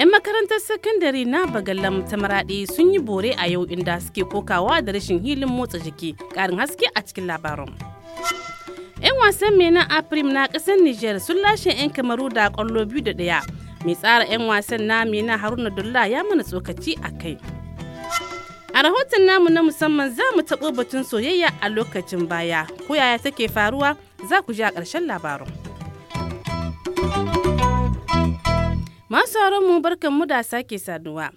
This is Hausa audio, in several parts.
'Yan makarantar sakandare na Bagallam ta Maraɗi sun yi bore a yau inda suke kokawa da rashin hilin motsa jiki. karin haske a cikin labarin. 'Yan wasan mena Afrim na ƙasar niger sun lashe 'yan kamaru da kwallo biyu da ɗaya. Mai tsara 'yan wasan na mena Haruna Dulla ya mana tsokaci a kai. A rahoton namu na musamman za mu taɓo batun soyayya a lokacin baya. Ko yaya take faruwa za ku ji a ƙarshen labarin. Masu mu barkan mu da sake saduwa.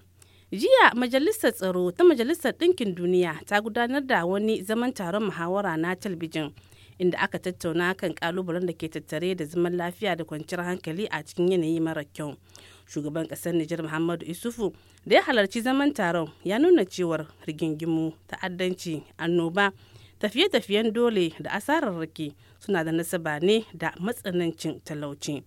Jiya Majalisar Tsaro ta Majalisar Ɗinkin Duniya ta gudanar da wani zaman taron muhawara na talbijin inda aka tattauna kan kalubalen da ke tattare da zaman lafiya da kwanciyar hankali a cikin yanayi mara kyau. Shugaban ƙasar Nijar Muhammadu Isufu da ya halarci zaman taron ya nuna cewar rigingimu, ta'addanci, annoba, tafiye-tafiyen dole da asararraki suna da nasaba ne da matsanancin talauci.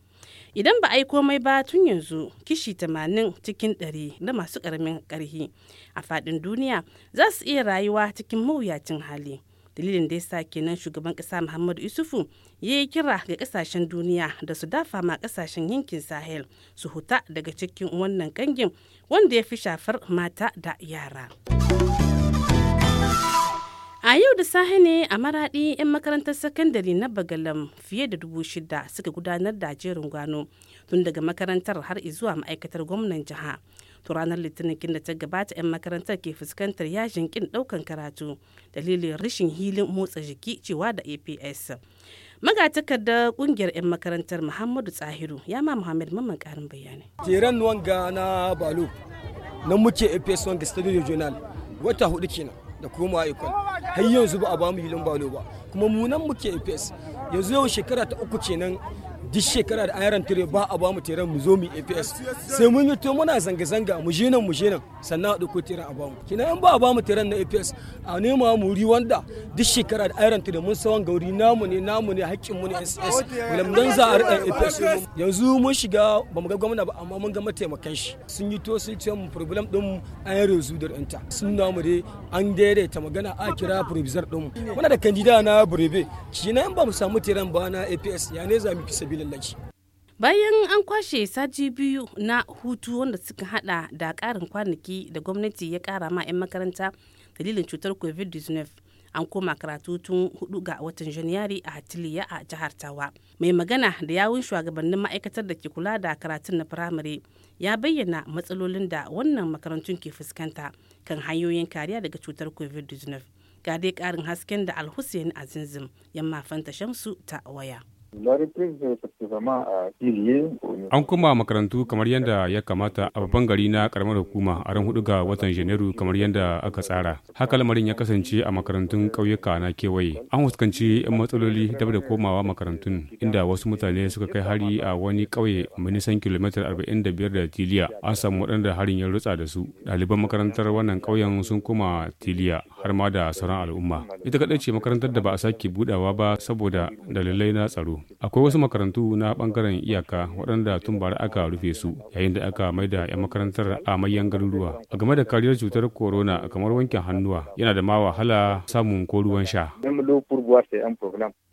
idan ba a yi komai ba tun yanzu kishi 80 cikin 100 na masu karamin karhi a fadin duniya za su iya rayuwa cikin mawuyacin hali dalilin da ya sa kenan shugaban kasa muhammadu isufu ya yi kira ga kasashen duniya da su dafa ma kasashen yankin sahel su huta daga cikin wannan kangin wanda ya fi shafar mata da yara. A yau da sahi ne a maraɗi 'yan makarantar sakandare na Bagalam fiye da dubu shida suka gudanar da jerin gwano tun daga makarantar har zuwa ma'aikatar gwamnan jiha. To ranar litinin da ta gabata 'yan makarantar ke fuskantar yajin kin ɗaukan karatu dalilin rashin hilin motsa jiki cewa da APS. magatakardar kungiyar 'yan makarantar muhammadu tsahiru ya ma muhammad mamman karin bayani Jeren wanga na balu na muke aps wanga studio journal wata hudu kenan da koma ikon har yanzu ba a ba mu hilin balo ba kuma mu nan muke ifes yanzu yau shekara ta uku kenan duk shekara da ayaran tire ba a ba mu tiran mu zo mu APS sai mun yi to muna zanga zanga mu je nan mu je nan sannan a dauko tiran a ba mu kina an ba a ba mu teran na APS a nema mu ri wanda duk shekara da ayaran tire mun sawan gauri namu ne namu ne haƙƙin mu ne SS mun dan za a rika APS yanzu mun shiga ba mu ga gwamna ba amma mun ga mataimakan shi sun yi to sun ce mu problem din an rezu da ranta sun namu dai an daidaita magana a kira provisor din mu muna da kandida na burebe kina an ba mu samu teran ba na APS ya ne za mu fi bayan an kwashe saji biyu na hutu wanda suka hada da karin kwanaki da gwamnati ya kara ma 'yan makaranta dalilin cutar covid-19 an koma karatu tun hudu ga watan janairu a hatiliya a jihar tawa mai magana da yawun shugabannin ma'aikatar da ke kula da karatun na firamare ya bayyana matsalolin da wannan makarantun ke fuskanta kan hanyoyin kariya daga cutar covid-19 ga dai karin hasken da alhussein azinzim yamma fanta shamsu ta waya An kuma makarantu kamar yadda ya kamata a babban gari na karamar hukuma a ran hudu ga watan Janairu kamar yadda aka tsara. Haka lamarin ya kasance a makarantun ƙauyuka na kewaye. An fuskanci 'yan matsaloli dab da komawa makarantun inda wasu mutane suka kai hari a wani ƙauye mai nisan kilomita arba'in da biyar da Tiliya. An samu waɗanda harin ya rutsa da su. Ɗaliban makarantar wannan ƙauyen sun koma Tiliya har ma da sauran al'umma. Ita kaɗai ce makarantar da ba a sake buɗewa ba saboda dalilai na tsaro. Akwai wasu makarantu na bangaren iyaka waɗanda tun bara aka rufe su yayin da aka mai da 'yan makarantar a mayan garuruwa. A game da kariyar cutar corona kamar wankin hannuwa yana da ma wahala samun ko ruwan sha.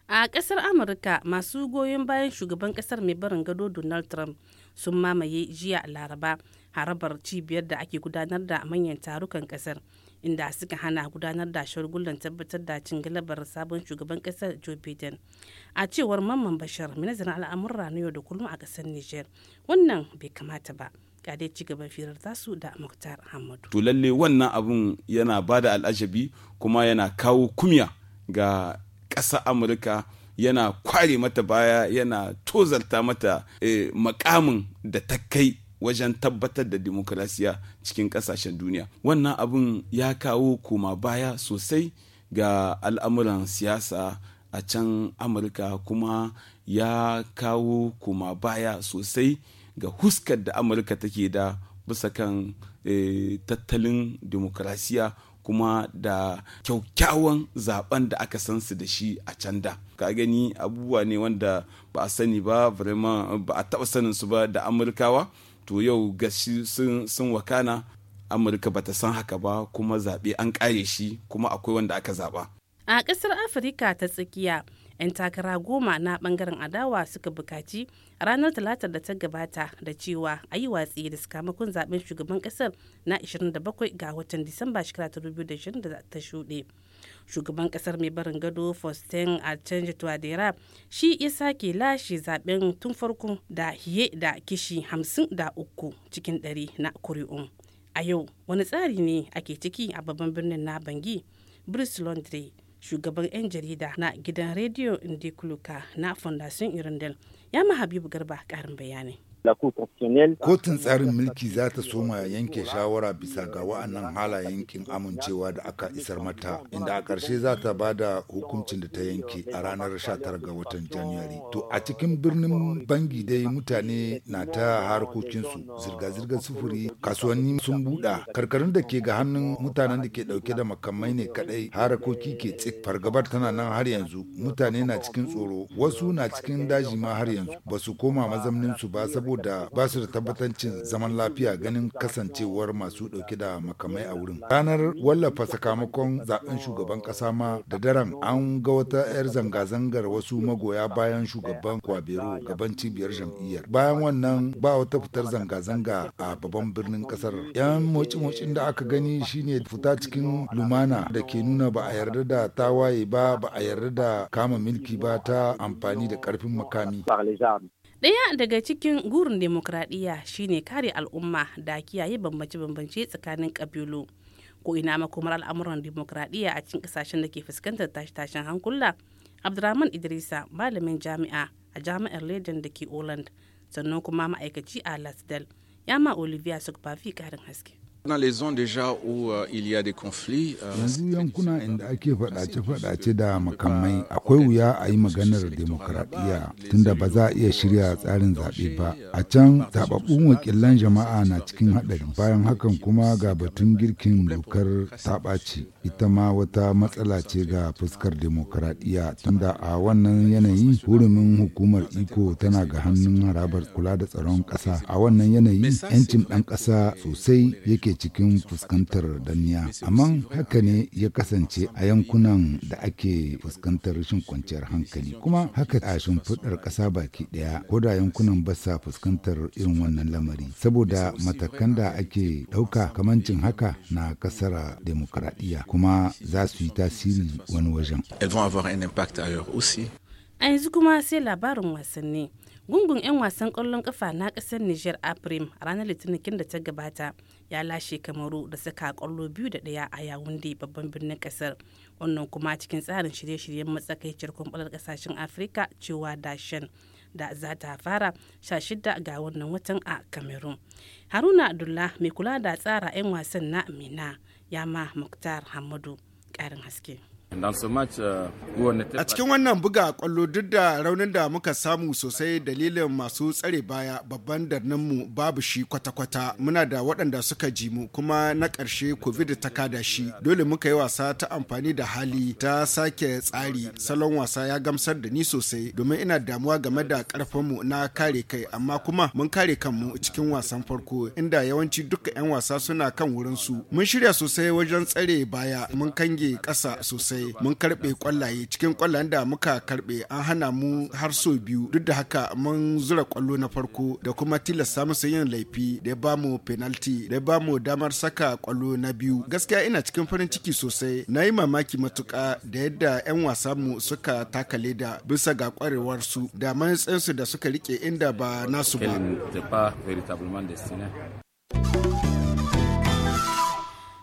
A ƙasar Amurka masu goyon bayan shugaban ƙasar mai barin gado Donald Trump sun mamaye jiya Laraba harabar cibiyar da ake gudanar da manyan tarukan ƙasar. inda suka hana gudanar da shagulgulan tabbatar da cin galabar sabon shugaban kasar joe biden a cewar mamman bashar ministan al'amurra na yau da kullum a kasar niger wannan bai kamata ba ga dai ci gaban firar tasu da muktar ahmadu. to lalle wannan abun yana ba da al'ajabi kuma yana kawo kumya ga ƙasa amurka yana kware mata baya yana tozarta mata eh, makamin da ta kai wajen tabbatar da demokrasiya cikin kasashen duniya wannan abin ya kawo koma baya sosai ga al'amuran siyasa a can amurka kuma ya kawo koma baya sosai ga huskar da amurka take da bisa kan e, tattalin demokrasiya kuma da kyaukyawan zaben da aka san su da shi a can da ka gani abubuwa ne wanda ba a sani ba ba a taba sanin su ba da amurkawa to yau gashi sun wakana amurka bata san haka ba kuma zaɓe an ƙare shi kuma akwai wanda aka zaɓa a ƙasar afirka ta tsakiya 'yan takara goma na bangaren adawa suka bukaci ranar talatar da ta gabata da cewa a yi watsi da sakamakon zaɓen shugaban ƙasar na 27 ga watan disamba shekara ta 2020 ta shuɗe shugaban kasar mai barin gado faustin a canji tuwadera shi ya sake lashe zaben tun farko da hiye da kishi hamsin da uku cikin ɗari na kuri'un a yau wani tsari ne ake ciki a babban birnin na bangi bruce londres shugaban 'yan jarida na gidan rediyo indikuluka na fondation irindel ya ma habibu garba karin bayani Kotun tsarin mulki za ta soma yanke shawara bisa ga wa'annan halayen kin amincewa da aka isar mata, inda a ƙarshe za ta ba da hukuncin da ta yanke a ranar 19 ga watan Janairu. To a cikin birnin Bangi dai mutane na ta harkokinsu, zirga-zirgar sufuri, kasuwanni sun buɗa, karkarun da ke ga hannun mutanen da ke ɗauke da makamai ne kaɗai harakoki ke tsik fargabar tana nan har yanzu, mutane na cikin tsoro, wasu na cikin daji ma har yanzu, ba su koma mazamninsu ba saboda saboda ba su da tabbatancin zaman lafiya ganin kasancewar masu ɗauke da makamai a wurin. Ranar wallafa sakamakon zaben shugaban ƙasa ma da daren an ga wata 'yar zanga-zangar wasu magoya bayan shugaban Kwabero gaban cibiyar jam'iyyar. Bayan wannan ba wata fitar zanga-zanga a babban birnin ƙasar. 'Yan moci-mocin da aka gani shine fita cikin lumana da ke nuna ba a yarda da tawaye ba ba a yarda da kama milki ba ta amfani da ƙarfin makami. Ɗaya daga cikin gurin demokradiyya shine kare al'umma da kiyaye bambance-bambance tsakanin ƙabilu. Ko ina makomar al'amuran demokradiyya a cikin ƙasashen da ke fuskantar tashe-tashen hankula. Abdurrahman Idrisa, malamin jami'a a jami'ar Leiden da ke oland sannan kuma ma'aikaci a Lasdal, ya ma Olivia Sukbafi ƙarin haske. Yanzu yankuna inda ake faɗace-faɗace da makamai akwai wuya a yi maganar demokuraɗiyya tunda ba za a iya shirya tsarin zaɓe ba. Euh, a can zaɓaɓɓun wakilan jama'a na cikin haɗari bayan hakan kuma ga batun girkin dokar taɓaci. ita ma wata matsala ce ga fuskar demokuraɗiyya tunda a wannan yanayi hurumin hukumar iko tana ga hannun harabar kula da tsaron ƙasa a wannan yanayi 'yancin ɗan ƙasa sosai yake cikin fuskantar danniya amma haka ne ya kasance a yankunan da ake fuskantar rashin kwanciyar hankali kuma haka a shimfiɗar ƙasa baki ɗaya ko da yankunan ba sa fuskantar irin wannan lamari saboda matakan da ake ɗauka kamancin haka na kasara demokuraɗiyya kuma za su yi tasiri wani wajen. A yanzu kuma sai labarin wasanni. Gungun 'yan wasan ƙwallon ƙafa na ƙasar Nijar Aprim a ranar Litinin da ta gabata ya lashe kamaru da saka ƙwallo biyu da ɗaya a yawun da babban birnin ƙasar. Wannan kuma cikin tsarin shirye-shiryen matsakaicin kwamfalar ƙasashen Afirka cewa dashen da za ta fara 16 ga wannan watan a kamerun. haruna abdullah mai kula da tsara 'yan wasan na amina yama muktar hamadu karin haske Uh, A cikin wannan buga kwallo duk da raunin da muka samu sosai dalilin masu tsare baya babban mu babu shi kwata-kwata muna da waɗanda suka ji mu kuma na ƙarshe covid ta kada shi dole muka yi wasa ta amfani da hali ta sake tsari salon wasa ya gamsar da ni sosai domin ina damuwa game da ƙarfinmu na kare kai amma kuma mun kare kanmu cikin wasan farko inda yawanci duka 'yan wasa suna kan wurin su mun shirya sosai wajen tsare baya mun kange ƙasa sosai kwallaye mun karbe kwallaye cikin kwallayen da muka karbe an hana mu har so biyu duk da haka mun zura kwallo na farko da kuma tilasta musu yin laifi da ya bamu penalty da ya bamu damar saka kwallo na biyu gaskiya ina cikin farin ciki sosai na yi mamaki matuka da yadda 'yan wasa mu suka taka leda bisa ga kwarewar su da matsayinsu da suka rike inda ba nasu ba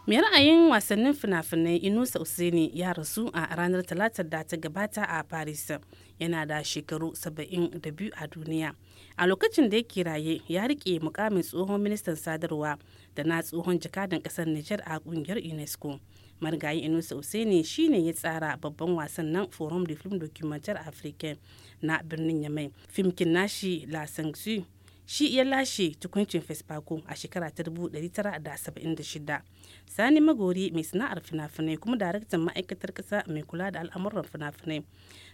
mai ra'ayin wasannin fina-finai inusa usaini ya rasu a ranar talatar da ta gabata a paris yana da shekaru 72 a duniya a lokacin da yake raye ya rike mukamin tsohon ministan sadarwa da na tsohon jakadan kasar niger a kungiyar unesco marigayi inusa usaini shine ya tsara babban wasan nan forum de film documentaire africain na birnin yamai fimkin nashi la sanction shi ya lashe tukuncin fesfako a shekara ta 1976 sani magori mai sana'ar fina-finai kuma daraktan ma'aikatar kasa mai kula da al'amuran fina-finai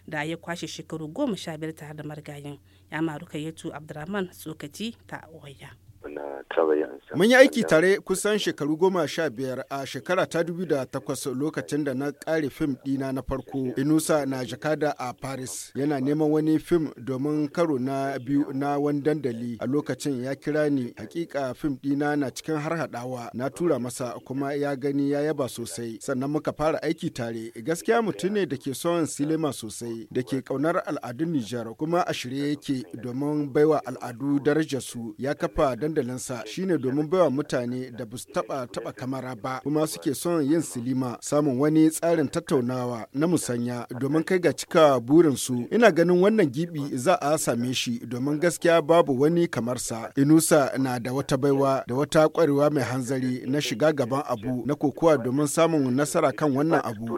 da ya kwashe shekaru goma sha biyar tare da margayin ya maruka yatu abdurrahman tsokaci ta waya na Mun yi aiki tare kusan shekaru goma sha biyar a shekara ta dubu da takwas lokacin da na kare fim ɗina na farko Inusa na Jakada a Paris yana neman wani fim domin karo na biyu na wani dandali a lokacin ya kira ni hakika fim ɗina na cikin harhaɗawa na tura masa kuma ya gani ya yaba sosai sannan muka fara aiki tare gaskiya mutum ne da ke son silima sosai da ke ƙaunar al'adun Nijar kuma a shirye yake domin baiwa al'adu su ya kafa dandali. hankalinsa shine domin baiwa mutane da ba su taba taba kamara ba kuma suke son yin silima samun wani tsarin tattaunawa na musanya domin kai ga cika su ina ganin wannan gibi za a same shi domin gaskiya babu wani kamar sa inusa na da wata baiwa da wata kwarewa mai hanzari na shiga gaban abu na kokowa domin samun nasara kan wannan abu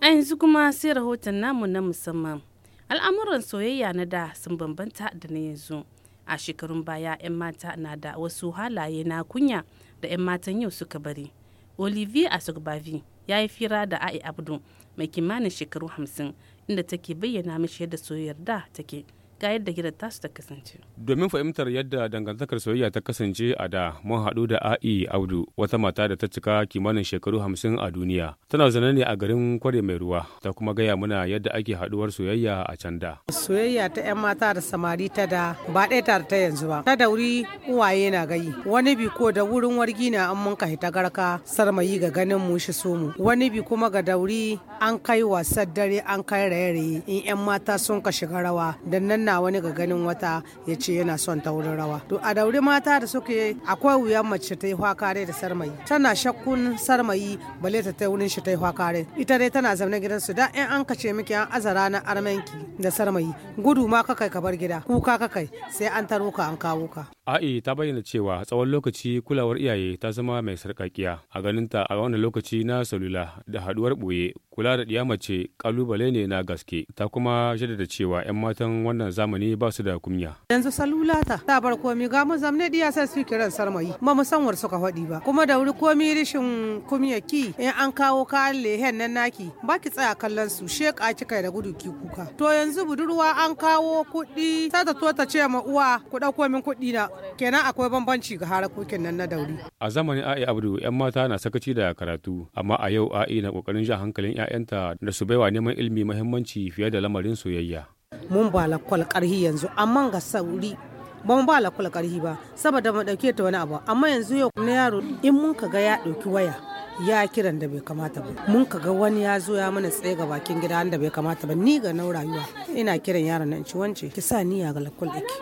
A yanzu kuma sai rahoton namu na musamman. Al'amuran soyayya na da sun bambanta da na yanzu. A shekarun baya 'yan mata na da wasu halaye na kunya da 'yan matan yau suka bari. Olivier Asogbavi ya yi fira da Ai Abdu mai kimanin shekaru hamsin inda take bayyana mashi yadda soyayyar da take. ga yadda gidan tasu ta kasance. Domin fahimtar yadda dangantakar soyayya ta kasance a da mun haɗu da A'i Audu wata mata da ta cika kimanin shekaru hamsin a duniya. Tana zana ne a garin Kware mai ruwa ta kuma gaya muna yadda ake haɗuwar soyayya a can da. Soyayya ta 'yan mata da samari ta da ba ɗaya ta ta yanzu ba. Ta dauri uwaye na gayi. Wani bi ko da wurin wargi na an mun kai ta garka sarmayi ga ganin mu shi so Wani bi kuma ga dauri an kai wasan dare an kai raye-raye in 'yan mata sun ka shiga rawa. Da nan hana wani ga ganin wata ya ce yana son ta wurin rawa to a daure mata da suke akwai wuyan mace ta yi hwakare da sarmayi tana shakkun sarmayi bale ta tai wurin shi ta yi hwakare ita dai tana zaune gidan su da in an kace miki an aza ranar armenki da sarmayi gudu ma kai ka bar gida kuka ka kai sai an taro ka an kawo ka a'i ta bayyana cewa tsawon lokaci kulawar iyaye ta zama mai sarƙaƙiya a ganinta a wannan lokaci na salula da haɗuwar ɓoye kula da ɗiya mace ƙalubale ne na gaske ta kuma jaddada cewa 'yan matan wannan zamani ba su da kunya. Yanzu salula ta ta bar komi ga mu zamne diya sai su kiran sarmayi ba mu san suka faɗi ba kuma da wuri komi rishin kumya ki in an kawo kayan lehen nan naki ba ki tsaya kallon su sheka kika da gudu ki kuka. To yanzu budurwa an kawo kuɗi sai ta to ta ce ma uwa ku ɗauko min kuɗi na kenan akwai bambanci ga harakokin nan na dauri. A zamanin A'i Abdu 'yan mata na sakaci da karatu amma a yau A'i na kokarin jan hankalin 'ya'yanta da su baiwa neman ilimi mahimmanci fiye da lamarin soyayya. mun ba lakwal karhi yanzu amma ga sauri ba mu ba lakwal karhi ba saboda mu dauke ta wani abu amma yanzu yau na yaro in mun ka ga ya dauki waya ya kiran da bai kamata ba mun ka ga wani ya zo ya mana tsaye ga bakin gida da bai kamata ba ni ga na rayuwa ina kiran yaron nan ci wance ki sa niyya ga lakwal ɗiki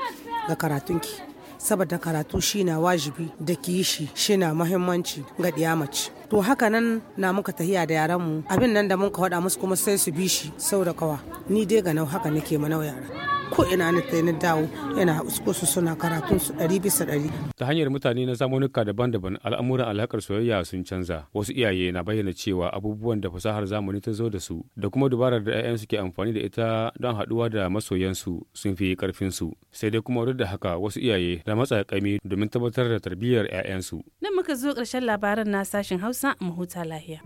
ga karatunki saboda karatu shi na wajibi da kishi shi na muhimmanci ga mace to haka nan na muka tahiya da yaran mu abin nan da mun ka faɗa musu kuma sai su bi shi sau da kawa ni dai ga nau haka nake manau yara ko ina na ta na dawo yana usko su suna karatun su ɗari bisa ɗari. ta hanyar mutane na zamanuka daban-daban al'amuran alhakar soyayya sun canza wasu iyaye na bayyana cewa abubuwan da fasahar zamani ta zo da su da kuma dubarar da 'ya'yan suke amfani da ita don haɗuwa da masoyansu sun fi karfin su sai dai kuma duk da haka wasu iyaye na matsa ƙami domin tabbatar da tarbiyyar 'ya'yansu. nan muka zo ƙarshen labaran na sashen hausa a huta lahiya.